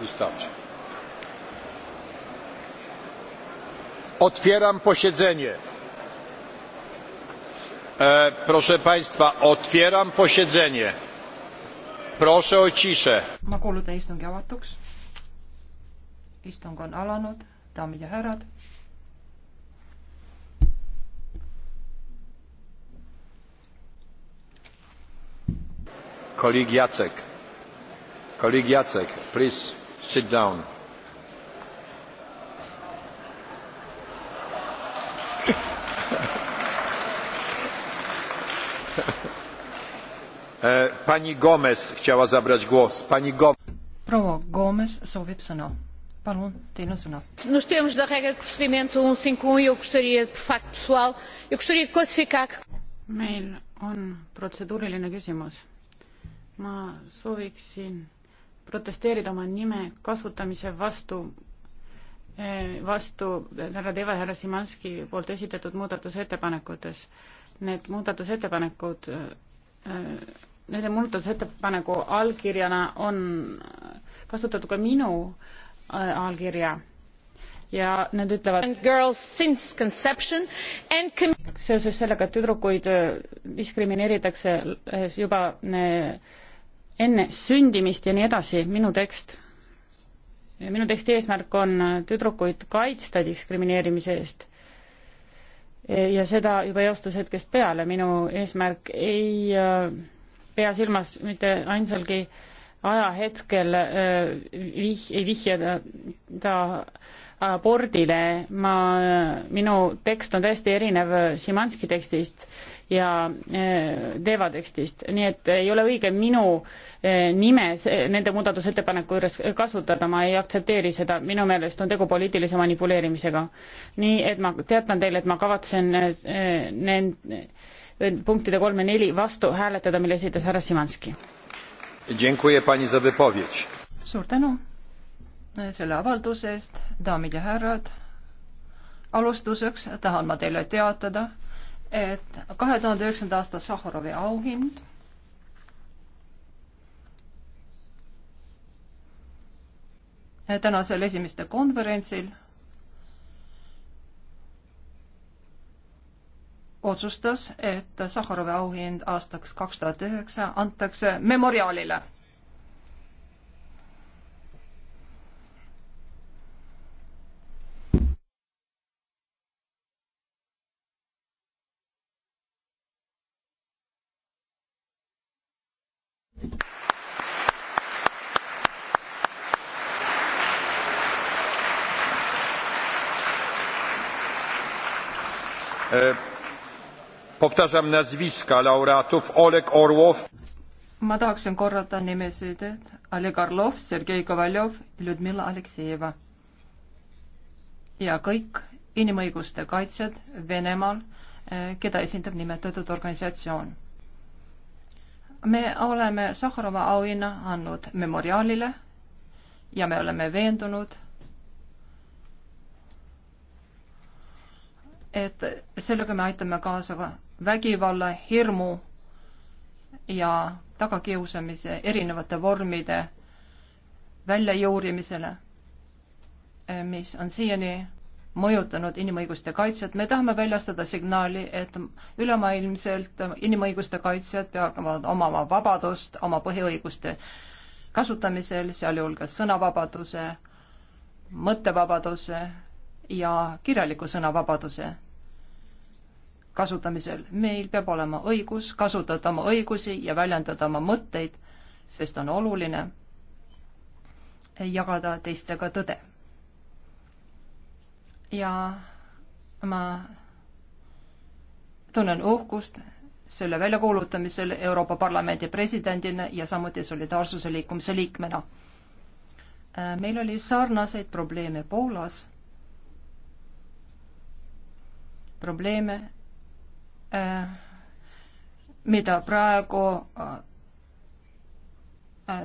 wystarczy. Otwieram posiedzenie. E, proszę Państwa, otwieram posiedzenie. Proszę o ciszę. Ma kuulutan istungi avatuks. Istung on alanud, daamid ja härrad. Kolleeg Jacek Colleague Jacek, please sit down. E, pani Gomez chciała zabrać głos. Pani Gomez. Proua Gomes soovib sõna. Palun, teil on sõna. Nós temos da regra de procedimento 151 um um e eu gostaria, por facto pessoal, eu gostaria de classificar que... Meil on protseduuriline küsimus. Ma sooviksin protesteerida oma nime kasutamise vastu, eh, vastu härra Deva ja härra Simanski poolt esitatud muudatusettepanekutes. Need muudatusettepanekud, eh, nende muudatusettepaneku allkirjana on kasutatud ka minu eh, allkirja ja need ütlevad seoses sellega, et tüdrukuid diskrimineeritakse juba enne sündimist ja nii edasi, minu tekst, minu teksti eesmärk on tüdrukuid kaitsta diskrimineerimise eest. ja seda juba eostus hetkest peale, minu eesmärk ei äh, pea silmas mitte ainsalgi ajahetkel äh, vih-, ei vihjada ta abordile, ma, äh, minu tekst on täiesti erinev Šimanski tekstist ja äh, teevatekstist, nii et ei ole õige minu äh, nime nende muudatusettepaneku juures kasutada, ma ei aktsepteeri seda, minu meelest on tegu poliitilise manipuleerimisega. nii et ma teatan teile, et ma kavatsen äh, nend-, punktide kolm ja neli vastu hääletada, mille esitas härra Simanski. suur tänu selle avalduse eest, daamid ja härrad. alustuseks tahan ma teile teatada, et kahe tuhande üheksanda aasta Sahharovi auhind tänasel esimeste konverentsil otsustas, et Sahharovi auhind aastaks kaks tuhat üheksa antakse memoriaalile E, powtarzam nazwiska laureatów Oleg Orłow. Ma tahaksin korrata nimesid Oleg Orlov, Sergei Kovaljov, Ludmilla Aleksejeva. ja kõik inimõiguste kaitsjad Venemaal, e, keda esindab nimetatud organisatsioon. me oleme Sahharova auhinna andnud memoriaalile ja me oleme veendunud, et sellega me aitame kaasa ka vägivalla, hirmu ja tagakiusamise erinevate vormide väljajuurimisele, eh, mis on siiani mõjutanud inimõiguste kaitsjat. me tahame väljastada signaali, et ülemaailmselt inimõiguste kaitsjad peavad omama vabadust oma põhiõiguste kasutamisel, sealhulgas sõnavabaduse, mõttevabaduse ja kirjaliku sõnavabaduse kasutamisel. meil peab olema õigus kasutada oma õigusi ja väljendada oma mõtteid, sest on oluline jagada teistega tõde. ja ma tunnen uhkust selle väljakuulutamisel Euroopa Parlamendi presidendina ja samuti Solidaarsuse liikumise liikmena. meil oli sarnaseid probleeme Poolas probleeme, äh, mida praegu äh,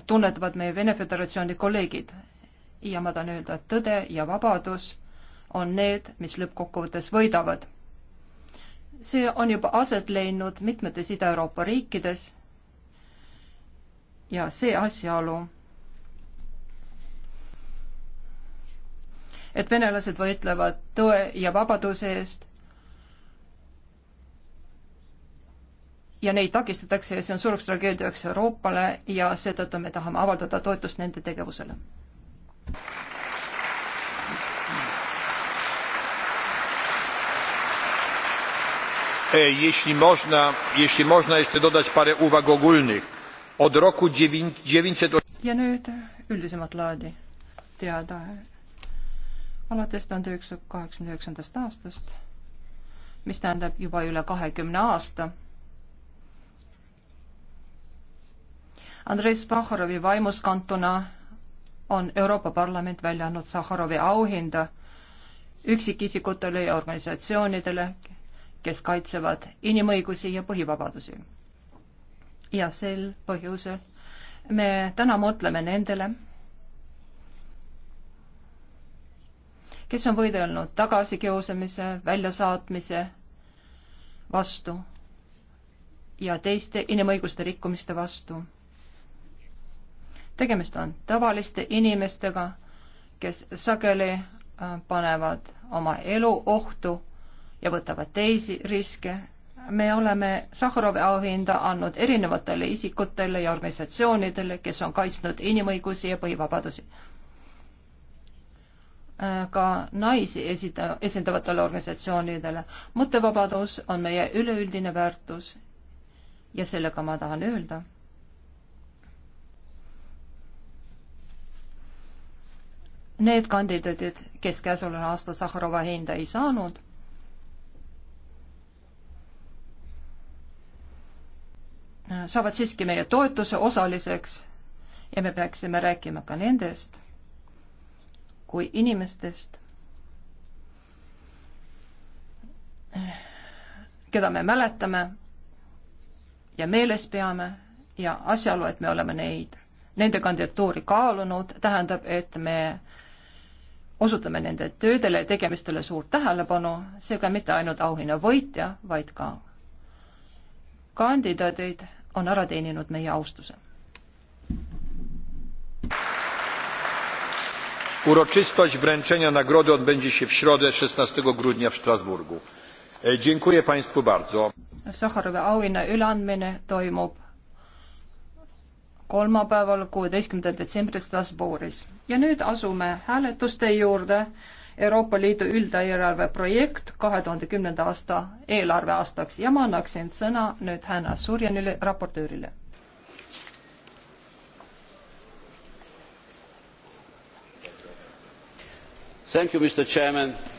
tunnetavad meie Vene Föderatsiooni kolleegid. ja ma tahan öelda, et tõde ja vabadus on need, mis lõppkokkuvõttes võidavad. see on juba aset leidnud mitmetes Ida-Euroopa riikides ja see asjaolu, et venelased võitlevad tõe ja vabaduse eest, ja neid takistatakse ja see on suureks tragöödiaks Euroopale ja seetõttu me tahame avaldada toetust nende tegevusele. E, jeśli można, jeśli można jeszcze dodać parę uwag ogólnych. Od roku 900... Ja nüüd üldisemat laadi teada. Alates 1989. aastast, mis tähendab juba üle 20 aasta, Andrei Spahhorovi vaimust kantuna on Euroopa Parlament välja andnud Sahharovi auhinda üksikisikutele ja organisatsioonidele, kes kaitsevad inimõigusi ja põhivabadusi. ja sel põhjusel me täna mõtleme nendele, kes on võidelnud tagasikiusamise, väljasaatmise vastu ja teiste inimõiguste rikkumiste vastu tegemist on tavaliste inimestega, kes sageli äh, panevad oma elu ohtu ja võtavad teisi riske. me oleme Sahharovi auhinda andnud erinevatele isikutele ja organisatsioonidele, kes on kaitsnud inimõigusi ja põhivabadusi. Äh, ka naisi esita-, esindavatele organisatsioonidele. mõttevabadus on meie üleüldine väärtus ja sellega ma tahan öelda need kandidaadid, kes käesoleval aastal Sahharova hinda ei saanud, saavad siiski meie toetuse osaliseks ja me peaksime rääkima ka nendest kui inimestest, keda me mäletame ja meeles peame ja asjaolu, et me oleme neid, nende kandidatuuri kaalunud, tähendab, et me osutame nende töödele ja tegemistele suurt tähelepanu, seega mitte ainult auhinna võitja, vaid ka kandidaadid on ära teeninud meie austuse. Uroczystość wręczenia nagrody odbędzie się w środę 16 grudnia w Strasburgu. E, dziękuję Państwu bardzo. Sacharovi auhinna üleandmine toimub kolmapäeval, kuueteistkümnendal detsembril Strasbourgis. ja nüüd asume hääletuste juurde. Euroopa Liidu üldeelarve projekt kahe tuhande kümnenda aasta eelarveaastaks ja ma annaksin sõna nüüd Hanna Surjanile, raportöörile. Thank you, Mr Chairman